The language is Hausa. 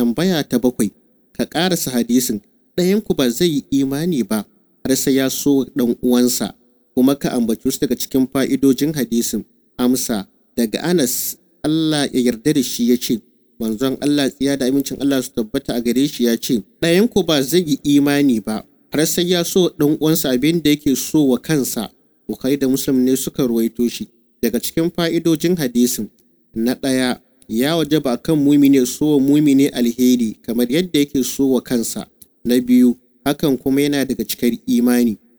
Tambaya ta bakwai, ka ƙarasa hadisin, ɗayanku ba zai yi imani ba har sai ya so ɗan uwansa, kuma ka ambaci wasu daga cikin fa'idojin hadisin. Amsa, daga Anas, Allah ya yarda da shi ya ce, manzon Allah tsiya da amincin Allah su tabbata a gare shi ya ce, ɗayanku ba zai yi imani ba har sai ya so ɗan uwansa abin da yake so wa kansa. bukai da musulmi ne suka ruwaito shi. Daga cikin fa'idojin hadisin, na ɗaya ya wajaba kan mumine so wa mumine alheri kamar yadda yake so wa kansa na biyu hakan kuma yana daga cikar imani